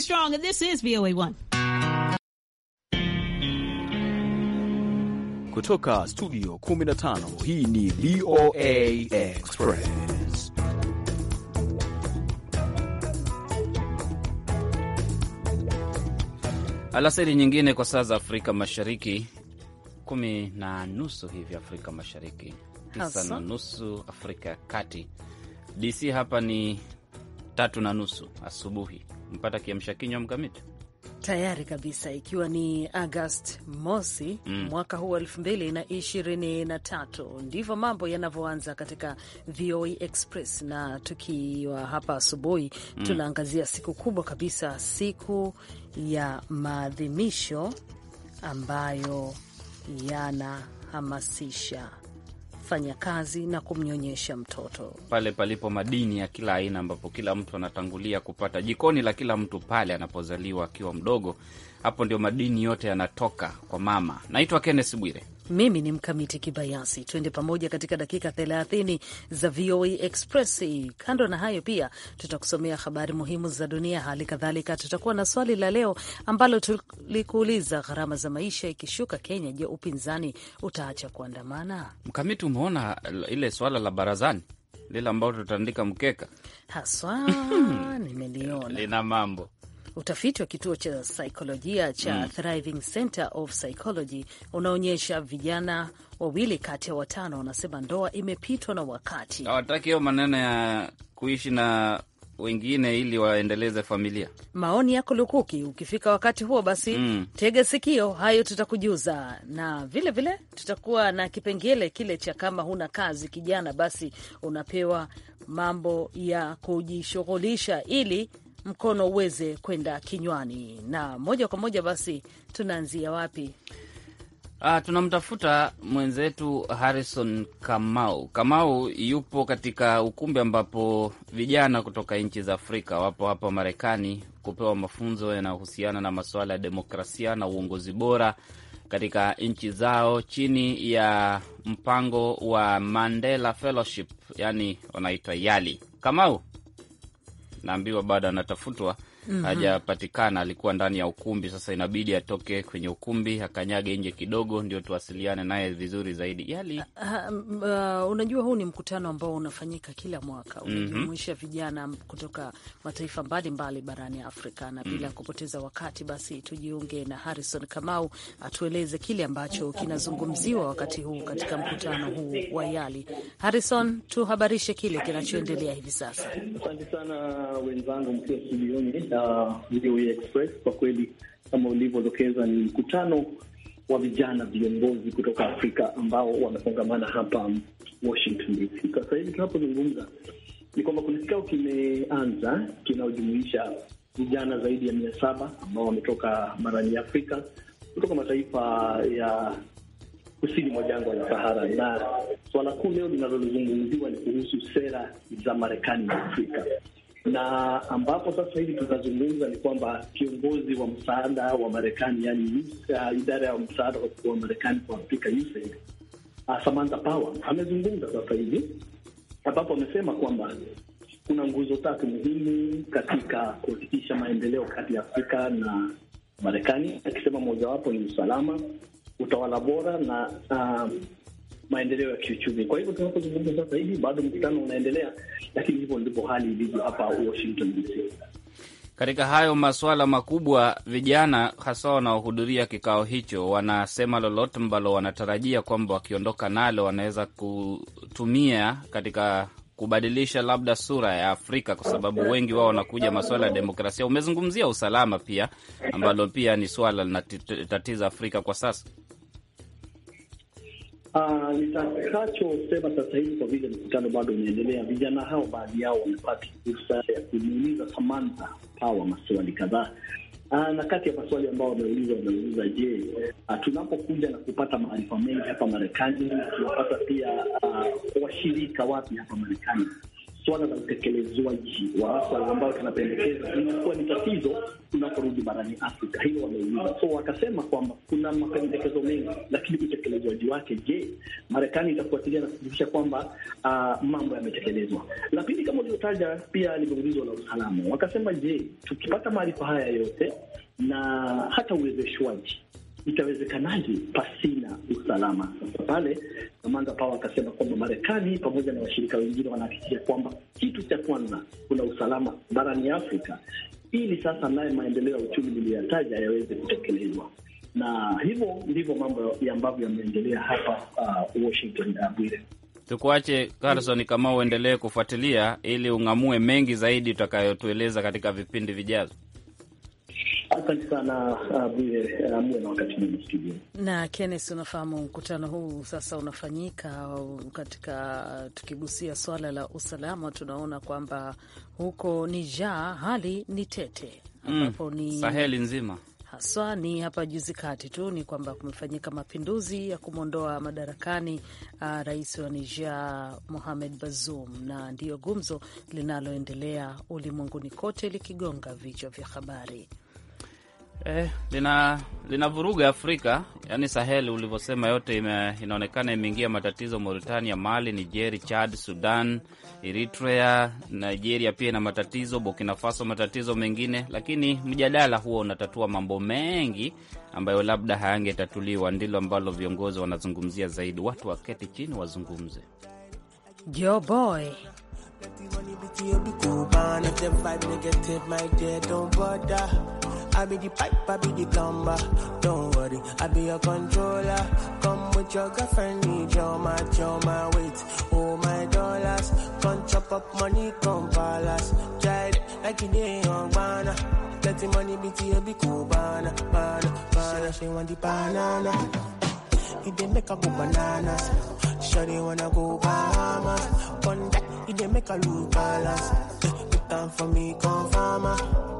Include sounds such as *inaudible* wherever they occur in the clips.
Strong, and this is VOA1. Kutoka studio 15 hii ni VOA Express. Alasiri nyingine kwa saa za Afrika Mashariki, kumi na nusu hivi Afrika Mashariki, tisa na nusu Afrika ya Kati. DC hapa ni tatu na nusu asubuhi mpata kiamsha kinywa mkamiti tayari kabisa, ikiwa ni Agasti mosi mm, mwaka huu elfu mbili na ishirini na tatu. Ndivyo mambo yanavyoanza katika VOA e Express, na tukiwa hapa asubuhi mm, tunaangazia siku kubwa kabisa, siku ya maadhimisho ambayo yanahamasisha kufanya kazi na kumnyonyesha mtoto, pale palipo madini ya kila aina, ambapo kila mtu anatangulia kupata jikoni la kila mtu pale anapozaliwa akiwa mdogo. Hapo ndio madini yote yanatoka kwa mama. Naitwa Kenneth Bwire. Mimi ni Mkamiti Kibayasi. Tuende pamoja katika dakika 30 za VOA Express. Kando na hayo, pia tutakusomea habari muhimu za dunia. Hali kadhalika tutakuwa na swali la leo ambalo tulikuuliza, gharama za maisha ikishuka Kenya, je, upinzani utaacha kuandamana? Mkamiti, umeona ile swala la barazani lile ambalo tutaandika mkeka haswa? *laughs* Nimeliona lina mambo Utafiti wa kituo cha saikolojia cha mm. Thriving Center of Psychology unaonyesha vijana wawili kati ya watano wanasema ndoa imepitwa na wakati, hawataki hiyo maneno ya kuishi na wengine ili waendeleze familia. Maoni yako lukuki. Ukifika wakati huo basi, mm. tege sikio, hayo tutakujuza, na vilevile vile tutakuwa na kipengele kile cha kama huna kazi kijana, basi unapewa mambo ya kujishughulisha ili mkono uweze kwenda kinywani. Na moja kwa moja basi, tunaanzia wapi? Ah, tunamtafuta mwenzetu Harrison Kamau. Kamau yupo katika ukumbi ambapo vijana kutoka nchi za Afrika wapo hapa Marekani kupewa mafunzo yanayohusiana na masuala ya demokrasia na uongozi bora katika nchi zao chini ya mpango wa Mandela Fellowship, yani wanaitwa YALI. Kamau, naambiwa bado anatafutwa mm hajapatikana -hmm. Alikuwa ndani ya ukumbi, sasa inabidi atoke kwenye ukumbi akanyage nje kidogo, ndio tuwasiliane naye vizuri zaidi yali. Uh, uh, unajua huu ni mkutano ambao unafanyika kila mwaka, unajumuisha mm -hmm. vijana kutoka mataifa mbalimbali barani Afrika na bila mm -hmm. kupoteza wakati, basi tujiunge na Harrison Kamau atueleze kile ambacho kinazungumziwa wakati huu katika mkutano huu wa YALI. Harrison, tuhabarishe kile kinachoendelea hivi sasa. Asante sana wenzangu mkiwa studioni ya VOA Express. Kwa kweli kama ulivyodokeza, ni mkutano wa vijana viongozi kutoka Afrika ambao wamefungamana hapa Washington DC. Sasa hivi tunapozungumza ni kwamba kuna kikao kimeanza kinayojumuisha vijana zaidi ya mia saba ambao wametoka barani Afrika kutoka mataifa ya kusini mwa jangwa la Sahara, na swala kuu leo linalozungumziwa ni kuhusu sera za Marekani na Afrika na ambapo sasa hivi tunazungumza ni kwamba kiongozi wa msaada wa Marekani, yani uh, idara ya msaada wa Marekani kwa Afrika, USAID, uh, Samantha Power amezungumza sasa hivi, ambapo amesema kwamba kuna nguzo tatu muhimu katika kuhakikisha maendeleo kati ya Afrika na Marekani, akisema mojawapo ni usalama, utawala bora na uh, maendeleo ya kiuchumi. Kwa hivyo tunapozungumza sasa hivi bado mkutano unaendelea, lakini hivyo ndipo hali ilivyo hapa Washington DC. Katika hayo masuala makubwa, vijana hasa wanaohudhuria kikao hicho wanasema lolote ambalo wanatarajia kwamba wakiondoka nalo wanaweza kutumia katika kubadilisha labda sura ya Afrika, kwa sababu wengi wao wanakuja masuala ya demokrasia. Umezungumzia usalama pia, ambalo pia ni swala linatatiza Afrika kwa sasa. Uh, ah, nitakachosema sasa hivi kwa vile mkutano bado unaendelea, vijana hao baadhi yao wamepata fursa ya kumuuliza Samantha hawa maswali kadhaa, ah, na kati ya maswali ambao wameuliza wameuliza, je, ah, tunapokuja na kupata maarifa mengi hapa Marekani tunapata pia uh, washirika wapi hapa Marekani swala la utekelezwaji wa maswala ambayo tunapendekeza inakuwa ni tatizo tunaporudi barani Afrika. Hiyo wameuliza, so wakasema kwamba kuna mapendekezo mengi, lakini utekelezwaji wake, je, Marekani itafuatilia na kuhakikisha kwamba uh, mambo yametekelezwa? La pili, kama ulivyotaja, pia limeulizwa la usalama, wakasema, je, tukipata maarifa haya yote na hata uwezeshwaji itawezekanaje pasina usalama? Sasa pale Samantha Power akasema kwamba Marekani pamoja na washirika wengine wanahakikisha kwamba kitu cha kwanza kuna usalama barani Afrika, ili sasa naye maendeleo ya uchumi niliyoyataja yaweze kutekelezwa na hivyo ndivyo mambo ambavyo yameendelea hapa uh, Washington. Uh, Bwire, tukuache Carson kama uendelee kufuatilia ili ung'amue mengi zaidi utakayotueleza katika vipindi vijazo Asante sana uh, Bwire uh, na wakati mwingi studio. Na Kennes, unafahamu mkutano huu sasa unafanyika uh, katika, tukigusia swala la usalama, tunaona kwamba huko Niger hali ni tete, mm, ambapo ni Saheli nzima haswa ni hapa juzi kati tu ni kwamba kumefanyika mapinduzi ya kumwondoa madarakani uh, rais wa Niger Mohamed Bazoum, na ndiyo gumzo linaloendelea ulimwenguni kote likigonga vichwa vya habari. Eh, lina lina vuruga Afrika, yaani Sahel ulivyosema, yote ime, inaonekana imeingia matatizo. Mauritania, Mali, Nigeri, Chad, Sudan, Eritrea, Nigeria pia ina matatizo, Burkina Faso matatizo mengine, lakini mjadala huo unatatua mambo mengi ambayo labda hayangetatuliwa. Ndilo ambalo viongozi wanazungumzia zaidi, watu waketi chini wazungumze. Yo boy I be the pipe, I be the plumber. Don't worry, I be your controller. Come with your girlfriend, need your match, your my weight. Oh my dollars, come chop up money, come palace. Try it like you did on banana. Let the money be to be cool, banana, banana, banana. She want the banana. It dey make a go bananas. they wanna go Bahamas. One day, it dey make a lose balance. Put time for me, confirm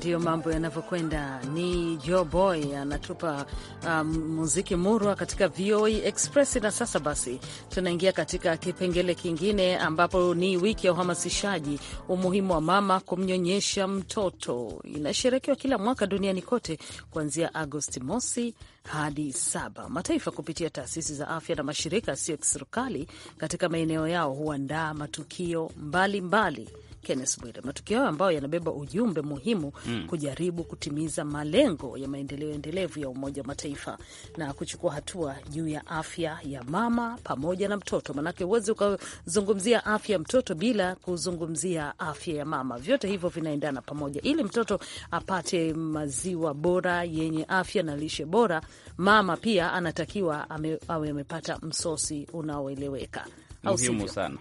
Ndiyo mambo yanavyokwenda. Ni Jo Boy anatupa um, muziki murwa katika VOA e Express. Na sasa basi, tunaingia katika kipengele kingine ambapo ni wiki ya uhamasishaji umuhimu wa mama kumnyonyesha mtoto. Inasherekewa kila mwaka duniani kote kuanzia Agosti mosi hadi saba. Mataifa kupitia taasisi za afya na mashirika yasiyo kiserikali katika maeneo yao huandaa matukio mbalimbali mbali Kenneth Bwire. Matukio hayo ambayo yanabeba ujumbe muhimu mm, kujaribu kutimiza malengo ya maendeleo endelevu ya Umoja wa Mataifa na kuchukua hatua juu ya afya ya mama pamoja na mtoto, manake huwezi ukazungumzia afya ya mtoto bila kuzungumzia afya ya mama. Vyote hivyo vinaendana pamoja. Ili mtoto apate maziwa bora yenye afya na lishe bora, mama pia anatakiwa ame, awe amepata msosi unaoeleweka, au Muhimu sana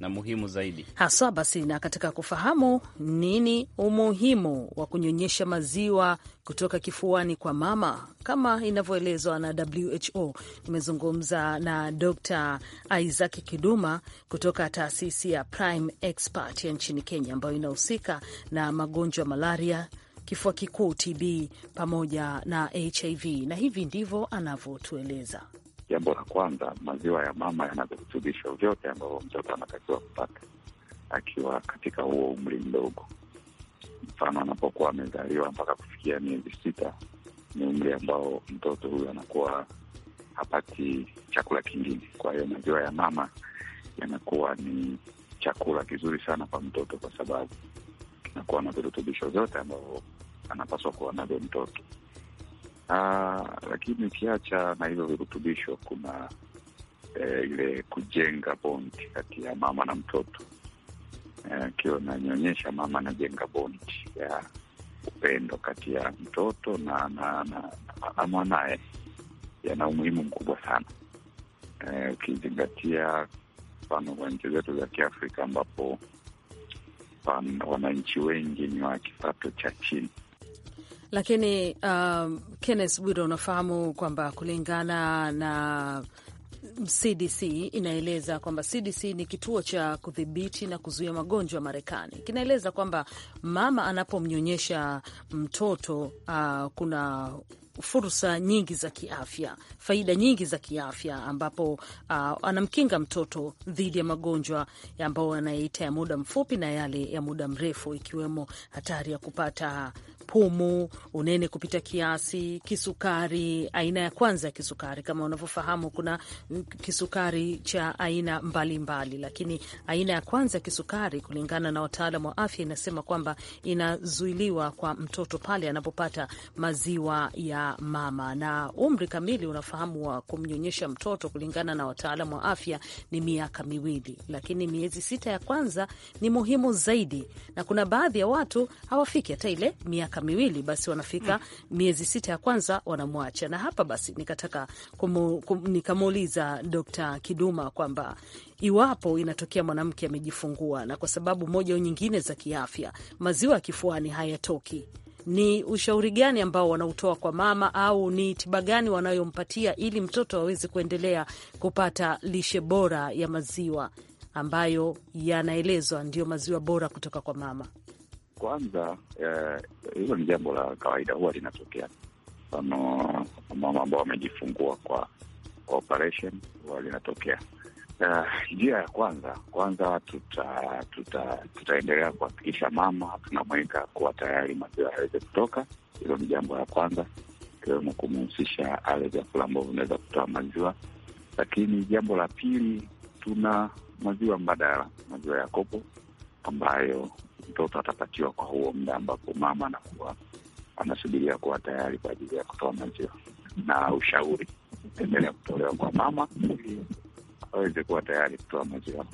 na muhimu zaidi haswa. Basi, na katika kufahamu nini umuhimu wa kunyonyesha maziwa kutoka kifuani kwa mama kama inavyoelezwa na WHO, nimezungumza na Dr. Isaac Kiduma kutoka taasisi ya Prime Expert ya nchini Kenya ambayo inahusika na magonjwa malaria kifua kikuu TB pamoja na HIV, na hivi ndivyo anavyotueleza. Jambo la kwanza, maziwa ya mama yana virutubisho vyote ambavyo mtoto anatakiwa kupata akiwa katika huo umri mdogo. Mfano, anapokuwa amezaliwa mpaka kufikia miezi sita ni umri ambao mtoto huyu anakuwa hapati chakula kingine. Kwa hiyo maziwa ya mama yanakuwa ni chakula kizuri sana kwa mtoto, kwa sababu kinakuwa na virutubisho vyote ambavyo anapaswa kuwa navyo mtoto. Aa, ah, lakini ukiacha na hivyo virutubisho kuna e, ile kujenga bondi kati ya mama na mtoto akiwa eh, e, nanyonyesha mama anajenga bondi ya upendo kati ya mtoto na na, na, na mwanaye yana umuhimu mkubwa sana e, ukizingatia mfano kwa nchi zetu za Kiafrika ambapo wananchi wengi ni wa kipato cha chini lakini uh, Kenneth Bwire, unafahamu kwamba kulingana na CDC inaeleza kwamba CDC ni kituo cha kudhibiti na kuzuia magonjwa Marekani. Kinaeleza kwamba mama anapomnyonyesha mtoto uh, kuna fursa nyingi za kiafya, faida nyingi za kiafya, ambapo uh, anamkinga mtoto dhidi ya magonjwa ambayo anayeita ya muda mfupi na yale ya muda mrefu, ikiwemo hatari ya kupata pumu, unene kupita kiasi, kisukari. Aina ya kwanza ya kisukari, kama unavyofahamu, kuna kisukari cha aina mbalimbali mbali, lakini aina ya kwanza ya kisukari kulingana na wataalam wa afya inasema kwamba inazuiliwa kwa mtoto pale anapopata maziwa ya mama, na umri kamili unafahamu wa kumnyonyesha mtoto kulingana na wataalam wa afya ni miaka miwili, lakini miezi sita ya kwanza ni muhimu zaidi, na kuna baadhi ya watu hawafiki hata ile miaka miaka miwili, basi wanafika mm. miezi sita ya kwanza wanamwacha. Na hapa basi nikataka kumu, kum, nikamuuliza Dr. Kiduma kwamba iwapo inatokea mwanamke amejifungua na kwa sababu moja au nyingine za kiafya maziwa ya kifuani hayatoki ni ushauri gani ambao wanautoa kwa mama au ni tiba gani wanayompatia ili mtoto aweze kuendelea kupata lishe bora ya maziwa ambayo yanaelezwa ndiyo maziwa bora kutoka kwa mama? kwanza eh, hilo eh, ni jambo la kawaida, huwa linatokea. Mfano mama ambao wamejifungua kwa kwa operation huwa linatokea. Eh, njia uh, ya kwanza kwanza tuta, tuta, tutaendelea kuhakikisha mama tunamweka kuwa tayari maziwa yaweze kutoka. Hilo ni jambo la kwanza, ikiwemo kumhusisha ale vyakula ambavyo vinaweza kutoa maziwa. Lakini jambo la pili, tuna maziwa mbadala, maziwa ya kopo ambayo mtoto atapatiwa kwa huo muda ambapo mama anakuwa anasubiria kuwa tayari kwa ajili ya kutoa maziwa, na ushauri endelea kutolewa kwa mama aweze kuwa tayari kutoa maziwa,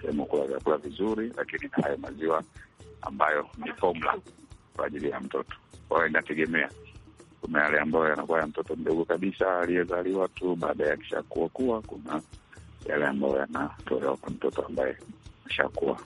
sehemu kula vyakula vizuri, lakini na hayo maziwa ambayo ni fomula kwa ajili ya mtoto. Kwa hiyo inategemea, kuna yale ambayo yanakuwa ya mtoto mdogo kabisa aliyezaliwa tu, baada ya kishakuwa kuwa, kuna yale ambayo yanatolewa kwa mtoto ambaye ashakuwa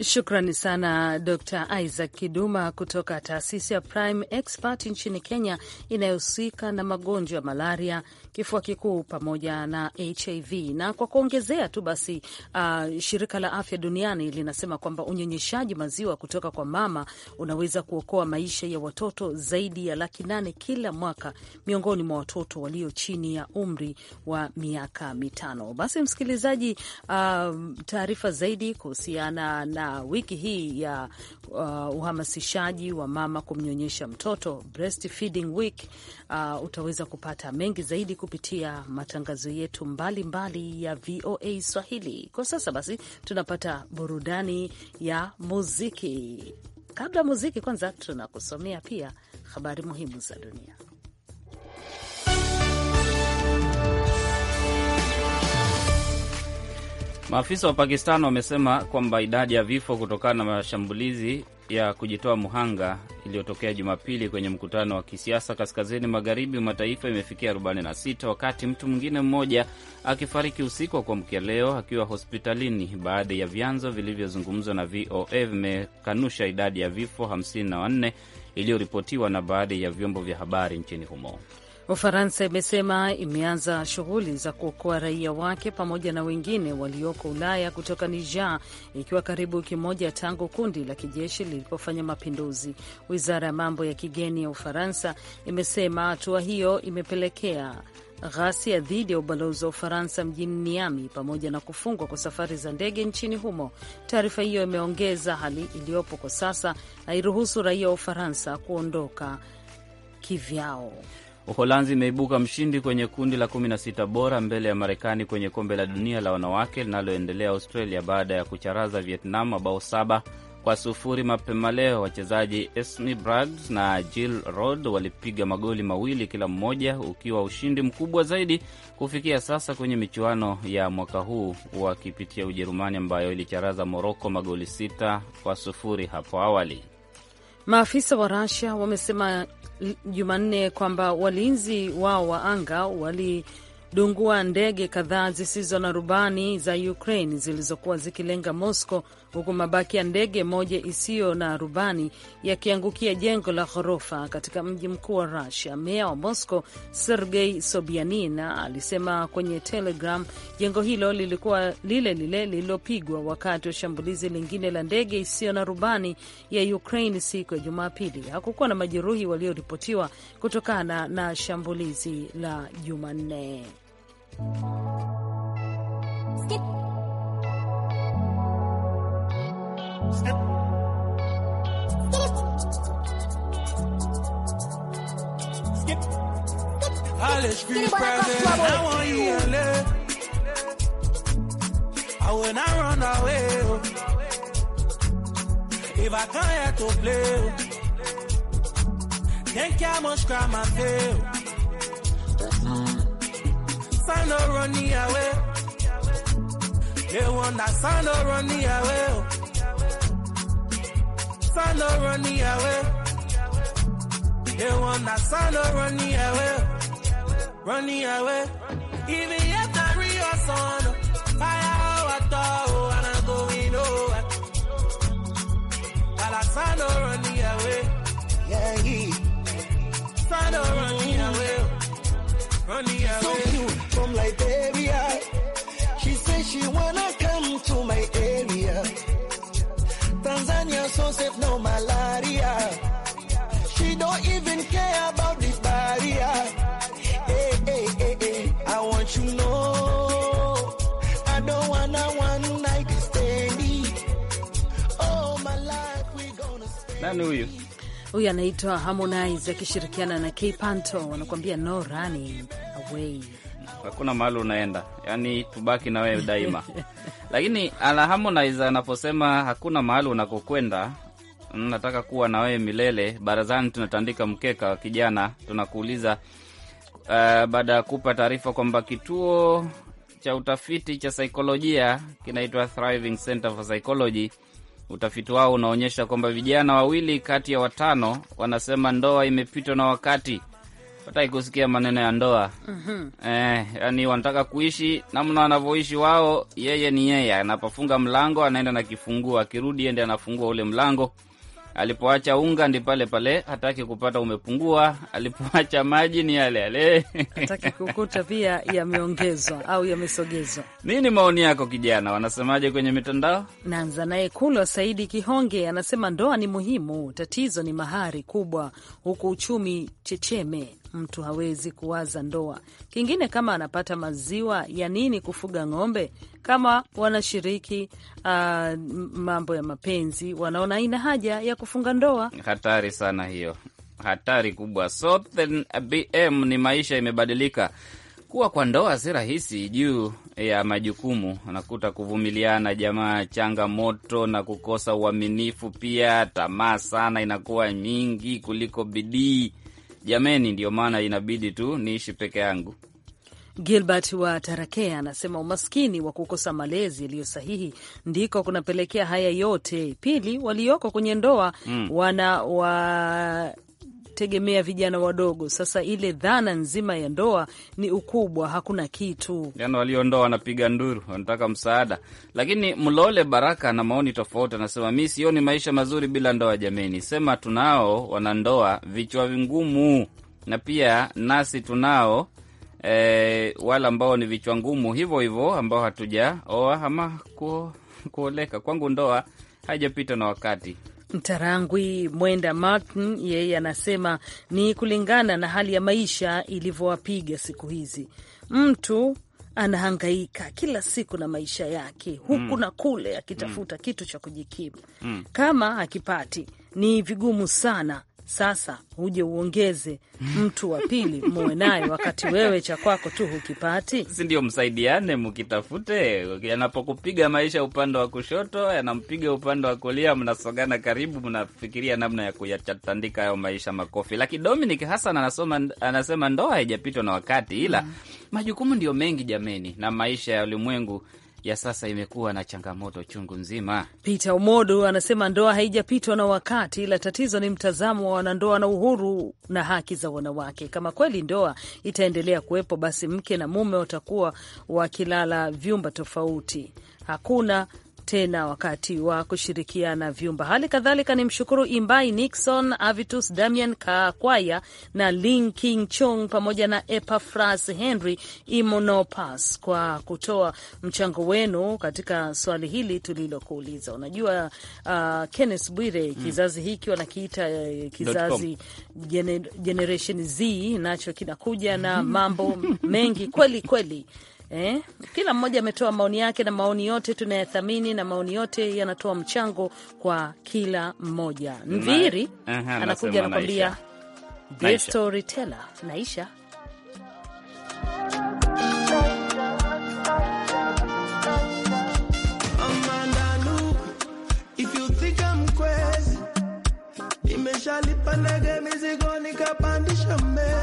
Shukrani sana Dr Isaac Kiduma kutoka taasisi ya Prime Expert nchini Kenya inayohusika na magonjwa ya malaria, kifua kikuu pamoja na HIV. Na kwa kuongezea tu basi, uh, shirika la afya duniani linasema kwamba unyonyeshaji maziwa kutoka kwa mama unaweza kuokoa maisha ya watoto zaidi ya laki nane kila mwaka miongoni mwa watoto walio chini ya umri wa miaka mitano. Basi msikilizaji, uh, taarifa zaidi kuhusiana na na wiki hii ya uh, uhamasishaji wa mama kumnyonyesha mtoto breastfeeding week, uh, utaweza kupata mengi zaidi kupitia matangazo yetu mbalimbali mbali ya VOA Swahili. Kwa sasa basi, tunapata burudani ya muziki. Kabla muziki, kwanza tunakusomea pia habari muhimu za dunia. Maafisa wa Pakistan wamesema kwamba idadi ya vifo kutokana na mashambulizi ya kujitoa muhanga iliyotokea Jumapili kwenye mkutano wa kisiasa kaskazini magharibi mwa taifa imefikia 46 wakati mtu mwingine mmoja akifariki usiku wa kuamkia leo akiwa hospitalini. Baadhi ya vyanzo vilivyozungumzwa na VOA vimekanusha idadi ya vifo 54 iliyoripotiwa na baadhi ya vyombo vya habari nchini humo. Ufaransa imesema imeanza shughuli za kuokoa raia wake pamoja na wengine walioko Ulaya kutoka Niger, ikiwa karibu wiki moja tangu kundi la kijeshi lilipofanya mapinduzi. Wizara ya mambo ya kigeni ya Ufaransa imesema hatua hiyo imepelekea ghasia dhidi ya ubalozi wa Ufaransa mjini Niami pamoja na kufungwa kwa safari za ndege nchini humo. Taarifa hiyo imeongeza, hali iliyopo kwa sasa hairuhusu raia wa Ufaransa kuondoka kivyao. Uholanzi imeibuka mshindi kwenye kundi la 16 bora mbele ya Marekani kwenye kombe la dunia la wanawake linaloendelea Australia baada ya kucharaza Vietnam mabao saba kwa sufuri mapema leo. Wachezaji Esme Brad na Jill Rod walipiga magoli mawili kila mmoja, ukiwa ushindi mkubwa zaidi kufikia sasa kwenye michuano ya mwaka huu, wakipitia Ujerumani ambayo ilicharaza Moroko magoli sita kwa sufuri hapo awali. Maafisa wa Rasia wamesema Jumanne kwamba walinzi wao wa anga walidungua ndege kadhaa zisizo na rubani za Ukraine zilizokuwa zikilenga Moscow huku mabaki ya ndege moja isiyo na rubani yakiangukia jengo la ghorofa katika mji mkuu wa rusia Meya wa Moscow Sergei sobianina alisema kwenye Telegram jengo hilo lilikuwa lile lile lililopigwa wakati wa shambulizi lingine la ndege isiyo na rubani ya Ukraine siku ya Jumapili. Hakukuwa na majeruhi walioripotiwa kutokana na shambulizi la Jumanne. Alles free I want you I will not run away. If I come here to play, think I must cry my fail. Sign no running away. They want that sign no the away. Sun don't run the away. They want that sun don't run the away. Run the away. Even if I real sun, Fire how I thought, and I'm going nowhere. While sun don't run the away. Yeah, he. Sun don't run the away. Run the away. huyu anaitwa Harmonize akishirikiana na Kpanto wanakuambia no running away, hakuna mahali unaenda, yani tubaki na wewe daima. *laughs* Lakini ala Harmonize anaposema hakuna mahali unakokwenda, nataka kuwa na wewe milele, barazani tunatandika mkeka wa kijana, tunakuuliza uh, baada ya kupa taarifa kwamba kituo cha utafiti cha saikolojia kinaitwa Thriving Center for Psychology Utafiti wao unaonyesha kwamba vijana wawili kati ya watano wanasema ndoa imepitwa na wakati, wataki kusikia maneno ya ndoa. mm -hmm. Eh, yani wanataka kuishi namna wanavyoishi wao. Yeye ni yeye, anapofunga mlango anaenda na kifungua akirudi ende anafungua ule mlango Alipoacha unga ndi pale pale, hataki kupata umepungua. Alipoacha maji ni yale yale, hataki *laughs* kukuta pia yameongezwa au yamesogezwa. Nini maoni yako kijana, wanasemaje kwenye mitandao? Naanza naye Kulwa Saidi Kihonge, anasema ndoa ni muhimu, tatizo ni mahari kubwa, huku uchumi checheme mtu hawezi kuwaza ndoa. Kingine, kama anapata maziwa ya nini kufuga ng'ombe? Kama wanashiriki uh, mambo ya mapenzi, wanaona aina haja ya kufunga ndoa. Hatari sana hiyo, hatari kubwa. Sote BM ni maisha imebadilika kuwa kwa ndoa si rahisi juu ya majukumu, anakuta kuvumiliana, jamaa, changamoto na kukosa uaminifu pia. Tamaa sana inakuwa nyingi kuliko bidii jameni, ndio maana inabidi tu niishi peke yangu. Gilbert wa Tarakea anasema umaskini wa kukosa malezi yaliyo sahihi ndiko kunapelekea haya yote. Pili, walioko kwenye ndoa mm. wana wa wanategemea vijana wadogo. Sasa ile dhana nzima ya ndoa ni ukubwa, hakuna kitu. Vijana waliondoa wanapiga nduru, wanataka msaada. Lakini Mlole Baraka na maoni tofauti, anasema mi sioni maisha mazuri bila ndoa. Jameni, sema tunao wanandoa vichwa vingumu, na pia nasi tunao E, wale ambao ni vichwa ngumu hivyo hivyo ambao hatujaoa ama kuoleka. Kwangu ndoa haijapita na wakati, Mtarangwi Mwenda Martin yeye anasema ni kulingana na hali ya maisha ilivyowapiga siku hizi. Mtu anahangaika kila siku na maisha yake huku mm. na kule akitafuta mm. kitu cha kujikimu mm. kama akipati ni vigumu sana sasa huje uongeze mtu wa pili muwe naye, wakati wewe cha kwako tu hukipati, si ndio? Msaidiane mkitafute. Yanapokupiga maisha upande wa kushoto, yanampiga upande wa kulia, mnasogana karibu, mnafikiria namna ya kuyatandika hayo maisha makofi. Lakini Dominic Hassan anasoma, anasema ndoa haijapitwa na wakati, ila mm, majukumu ndio mengi jameni, na maisha ya ulimwengu ya sasa imekuwa na changamoto chungu nzima. Peter Omodo anasema ndoa haijapitwa na wakati, la tatizo ni mtazamo wa wanandoa na uhuru na haki za wanawake. Kama kweli ndoa itaendelea kuwepo, basi mke na mume watakuwa wakilala vyumba tofauti, hakuna tena wakati wa kushirikiana vyumba. Hali kadhalika ni mshukuru Imbai Nixon, Avitus Damian Kakwaya na Ling King Chong pamoja na Epafras Henry Imonopas kwa kutoa mchango wenu katika swali hili tulilokuuliza. Unajua uh, Kenneth Bwire, hmm. kizazi hiki wanakiita uh, kizazi gener Generation Z nacho kinakuja na hmm. mambo mengi kweli kweli *laughs* eh, kila mmoja ametoa maoni yake, na maoni yote tunayathamini na maoni yote yanatoa mchango kwa kila mmoja. Mviri anakuja anakwambia the storyteller naisha imeshalipa ndege mizigo nikapandisha mbele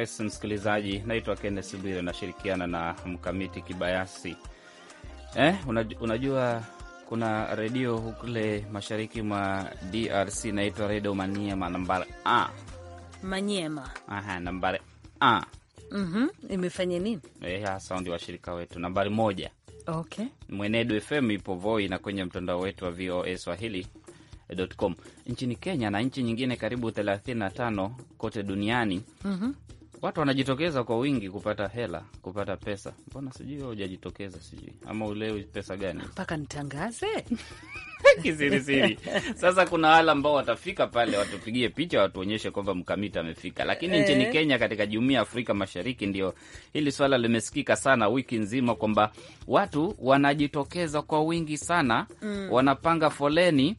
express msikilizaji. Naitwa Kennes Bwire, nashirikiana na mkamiti Kibayasi. Eh, unajua kuna redio kule mashariki mwa DRC inaitwa Redio Maniema nambari a Manyema, aha, nambari a mm -hmm. Imefanya nini? Eh, hasa ndio washirika wetu nambari moja. Okay, Mwenedu FM ipo Voi na kwenye mtandao wetu wa VOA Swahili Com. Nchini Kenya na nchi nyingine karibu 35 kote duniani. mm -hmm watu wanajitokeza kwa wingi kupata hela, kupata pesa. Mbona sijui hujajitokeza? Sijui ama ulewi pesa gani mpaka nitangaze *laughs* kisirisiri. Sasa kuna wale ambao watafika pale, watupigie picha, watuonyeshe kwamba mkamita amefika. Lakini e, nchini eh. Kenya, katika jumuia ya Afrika Mashariki, ndio hili swala limesikika sana wiki nzima kwamba watu wanajitokeza kwa wingi sana mm. wanapanga foleni,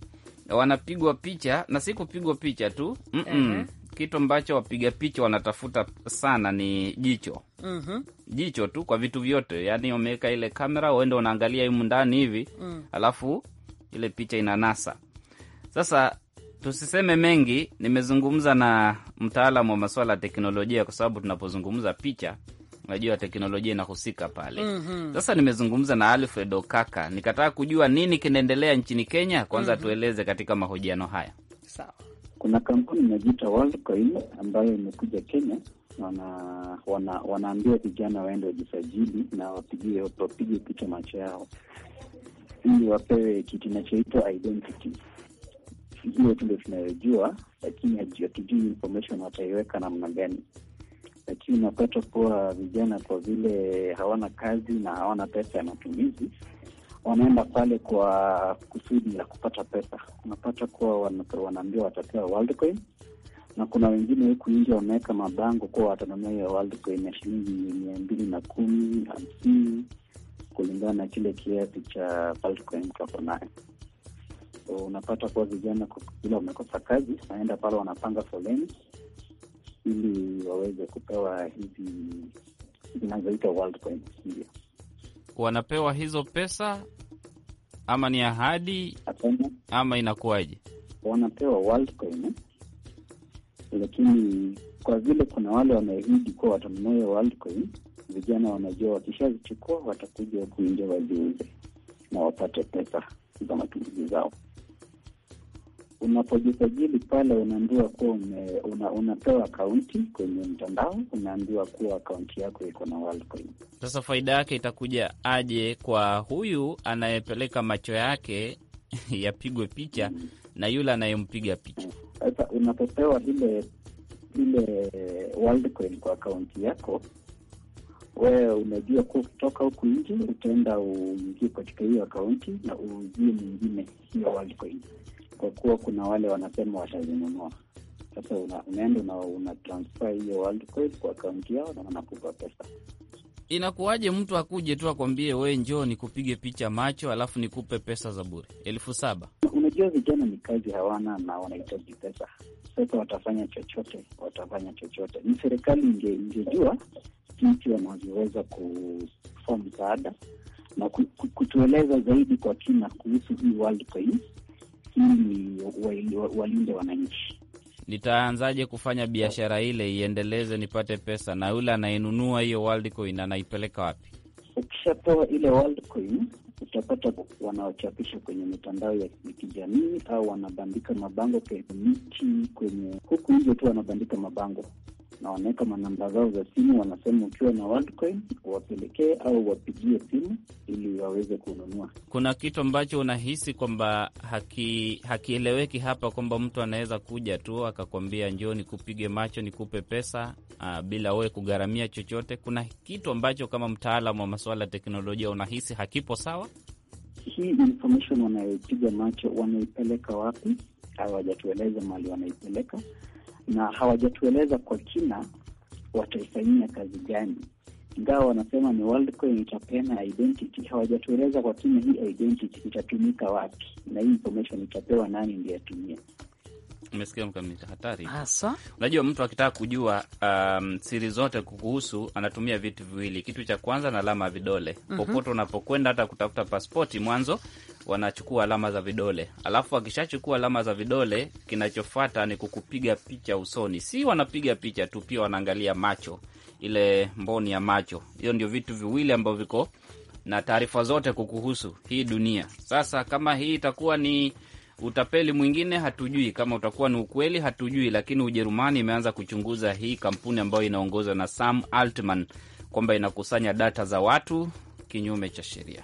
wanapigwa picha na si kupigwa picha tu mm -mm. E kitu ambacho wapiga picha wanatafuta sana ni jicho. mm -hmm. Jicho tu kwa vitu vyote, yaani wameweka ile kamera, uende unaangalia humu ndani hivi mm. alafu ile picha inanasa. Sasa tusiseme mengi, nimezungumza na mtaalamu wa masuala ya teknolojia, kwa sababu tunapozungumza picha najua teknolojia inahusika pale. mm -hmm. Sasa nimezungumza na Alfred Okaka, nikataka kujua nini kinaendelea nchini Kenya. Kwanza mm -hmm. tueleze katika mahojiano haya. Sawa. Kuna kampuni inajiita World ambayo imekuja Kenya wana, wana, wanaambia vijana waende wajisajili na wapige wapige picha macho yao ili wapewe kitu inachoitwa identity. Hiyo tu ndio tunayojua, lakini hatujui information wataiweka namna gani, lakini unapata kuwa vijana kwa vile hawana kazi na hawana pesa ya matumizi wanaenda pale kwa kusudi la kupata pesa. Unapata kuwa wanaambia watapewa Worldcoin na kuna wengine huku nje wameweka mabango kuwa watanunua hiyo Worldcoin ya shilingi mia mbili na kumi hamsini kulingana na kile kiasi cha Worldcoin kako nayo. So unapata kuwa vijana bila wamekosa kazi wanaenda pale wanapanga foleni ili waweze kupewa hizi zinazoitwa Worldcoin, ndio wanapewa hizo pesa ama ni ahadi ama inakuwaje? Wanapewa Worldcoin, eh? lakini kwa vile kuna wale wanaahidi kuwa watanunua Worldcoin, vijana wanajua wakishazichukua watakuja kuingia waziuze na wapate pesa za matumizi zao unapojisajili pale unaambiwa kuwa una, unapewa akaunti kwenye mtandao, unaambiwa kuwa akaunti yako iko na Worldcoin. Sasa faida yake itakuja aje kwa huyu anayepeleka macho yake *laughs* yapigwe picha mm, na yule anayempiga picha? Sasa unapopewa ile ile Worldcoin kwa akaunti yako wewe unajua kuwa kutoka huku nje utaenda uingie katika hiyo akaunti na uuzie mwingine hiyo Worldcoin kwa kuwa kuna wale wanasema watazinunua. Sasa unaenda una, una transfer hiyo Worldcoin kwa akaunti yao na wanakupa pesa. Inakuwaje mtu akuje tu akwambie wee, njoo nikupige picha macho alafu nikupe pesa za bure elfu saba? Unajua vijana ni kazi hawana na wanahitaji pesa. Sasa watafanya chochote, watafanya chochote. Ni serikali ingejua jinsi wanavyoweza kufa msaada na kutueleza zaidi kwa kina kuhusu hii Worldcoin ili walinde wananchi. Nitaanzaje kufanya biashara ile iendeleze, nipate pesa? Na yule anayenunua hiyo Worldcoin anaipeleka wapi? Ukishapewa ile Worldcoin utapata wanaochapisha kwenye mitandao ya kijamii au wanabandika mabango kwenye miti, kwenye huku nje tu wanabandika mabango na wanaweka manamba zao za simu, wanasema ukiwa na Worldcoin wapelekee au wapigie simu ili waweze kununua. Kuna kitu ambacho unahisi kwamba haki hakieleweki hapa, kwamba mtu anaweza kuja tu akakwambia njoo nikupige macho nikupe pesa aa, ah, bila wewe kugharamia chochote. Kuna kitu ambacho kama mtaalamu wa masuala ya teknolojia unahisi hakipo sawa? Hii information macho wanaipeleka wapi? Hawajatueleza mali wanaipeleka na hawajatueleza kwa kina wataifanyia kazi gani, ingawa wanasema ni Worldcoin itapeana identity. Hawajatueleza kwa kina hii identity itatumika wapi na hii information itapewa nani ndiyo atumie. Umesikia mkamiti, hatari haswa. Unajua, mtu akitaka kujua um, siri zote kukuhusu anatumia vitu viwili, kitu cha kwanza na alama ya vidole. mm -hmm. Popote unapokwenda hata kutafuta paspoti, mwanzo wanachukua alama za vidole, alafu akishachukua alama za vidole, kinachofata ni kukupiga picha usoni. Si wanapiga picha tu, pia wanaangalia macho, ile mboni ya macho. Hiyo ndio vitu viwili ambavyo viko na taarifa zote kukuhusu hii dunia. Sasa kama hii itakuwa ni Utapeli mwingine hatujui kama utakuwa ni ukweli, hatujui, lakini Ujerumani imeanza kuchunguza hii kampuni ambayo inaongozwa na Sam Altman kwamba inakusanya data za watu kinyume cha sheria.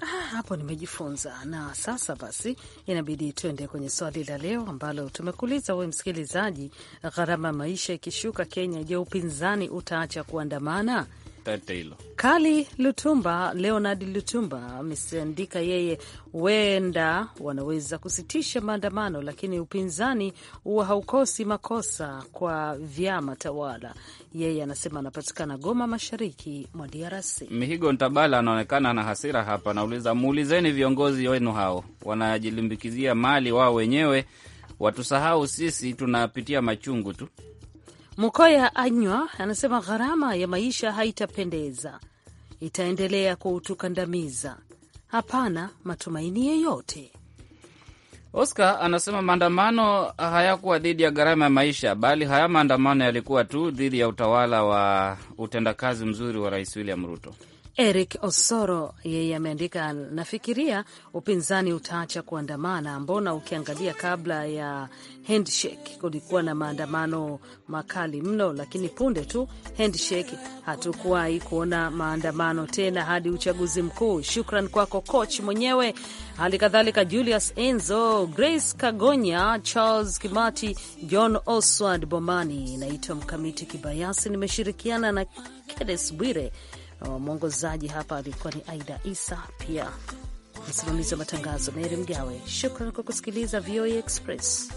Ah, hapo nimejifunza. Na sasa basi, inabidi tuende kwenye swali la leo ambalo tumekuuliza wewe msikilizaji: gharama ya maisha ikishuka Kenya, je, upinzani utaacha kuandamana? tete hilo. Kali Lutumba, Leonard Lutumba ameandika yeye, huenda wanaweza kusitisha maandamano, lakini upinzani huwa haukosi makosa kwa vyama tawala. Yeye anasema anapatikana Goma, mashariki mwa DRC. Mihigo Ntabala anaonekana na hasira hapa, nauliza muulizeni viongozi wenu hao, wanajilimbikizia mali wao wenyewe, watusahau sisi, tunapitia machungu tu. Mukoya Anywa anasema gharama ya maisha haitapendeza, itaendelea kutukandamiza, hapana matumaini yeyote. Oscar anasema maandamano hayakuwa dhidi ya gharama ya maisha, bali haya maandamano yalikuwa tu dhidi ya utawala wa utendakazi mzuri wa Rais William Ruto. Eric Osoro yeye ameandika, nafikiria upinzani utaacha kuandamana. Mbona ukiangalia kabla ya handshake kulikuwa na maandamano makali mno, lakini punde tu handshake hatukuwahi kuona maandamano tena hadi uchaguzi mkuu. Shukran kwako coach mwenyewe, hali kadhalika Julius Enzo, Grace Kagonya, Charles Kimati, John Oswald Bomani. Naitwa Mkamiti Kibayasi, nimeshirikiana na Kedes Bwire. Uh, mwongozaji hapa alikuwa ni Aida Isa, pia msimamizi wa matangazo Mary Mgawe. Shukran kwa kusikiliza VOA Express.